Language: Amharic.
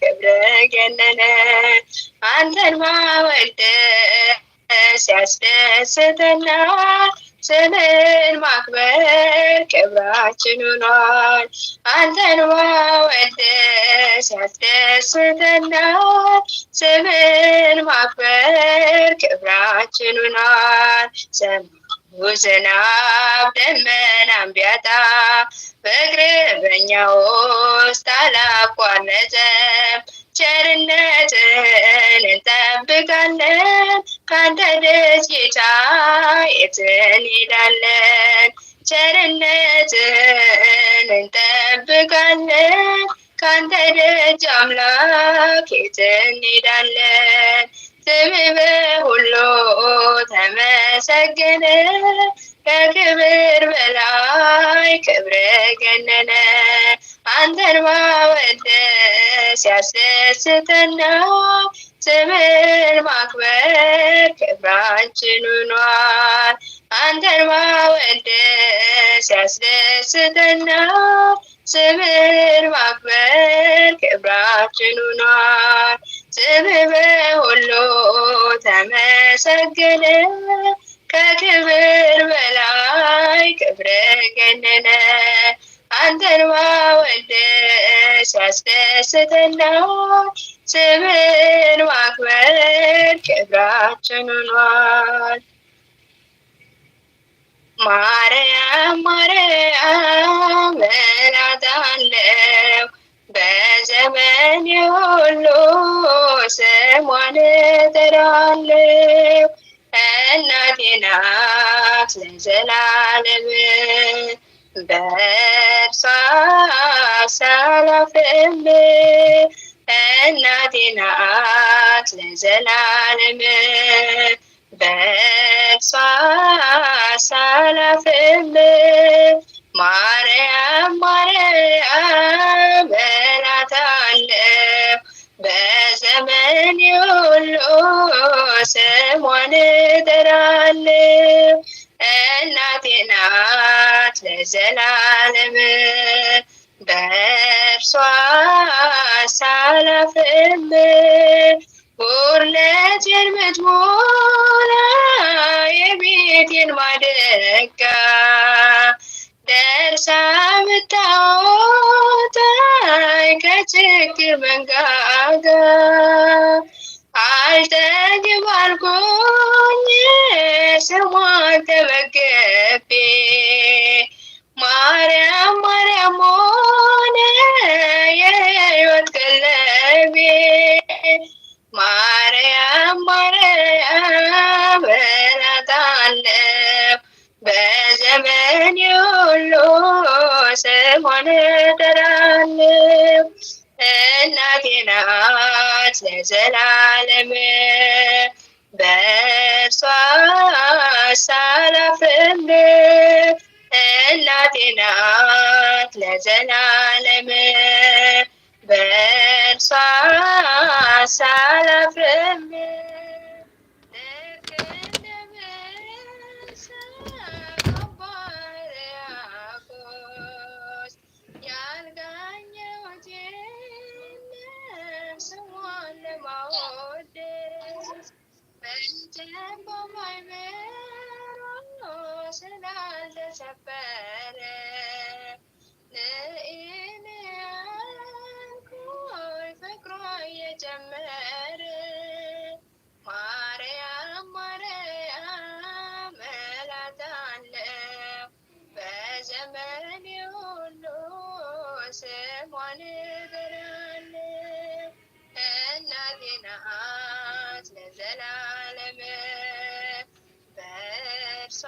ክብረ ገነነ አንተን ማወልደ ሲያስደስተና ስምን ማክበር ክብራችን ሆኗል። አንተን ማወልደ ሲያስደስተና ስምን ማክበር ክብራችን ሆኗል። ዝናብ ደመናም ቢያጣ ፍቅር በእኛ ውስጥ አላቋረጠም። ቸርነትን እንጠብቃለን ካንተ ደስታ የት እንሄዳለን? ቸርነትን እንጠብቃለን ካንተ ደጅ አምላክ የት እንሄዳለን? ስምህ በሁሉ ተመሰገነ፣ ከክብር በላይ ክብር ገነነ አንተን ማወደድ ሲያስደስተና ስምን ማክበር ክብራችን አንተን ማወደስ ሲያስደስተና ስምን ማክበር ክብራችን ስም በሁሉ ተመሰገነ፣ ከክብር በላይ ክብር ገነነ። አንተን ሲያስደስተናው ስምን ማክበር ክብራችን ሆኗል። ማርያም ማርያም እላታለው በዘመን የሁሉ ስሟን እጠራለው እናቴ ናት ለዘላለም በእርሷ ሳላፍርም እናቴ ናት ለዘላለም በእርሷ ሳላፍርም ዘላለም በእርሷ ሳላፍም ር ለጀን ምትሞላ የቤቴን ማደጋ ደርሳ ምታወጣኝ ከችግር መንጋጋ አልጠግብ አልጎኝ ስሟ ሆነ ጠራለው እናቴ ናት ለዘላለም በእርሷ ሳላፍርም እናቴ ናት ለዘላለም ተሰበረ ንእንኮይ ፍቅሮ የጀመረ ማርያም ማርያም እላታለው በዘመን ሁሉ ስሟን እጠራለው እናቴ ናት ለዘላለም በእርሷ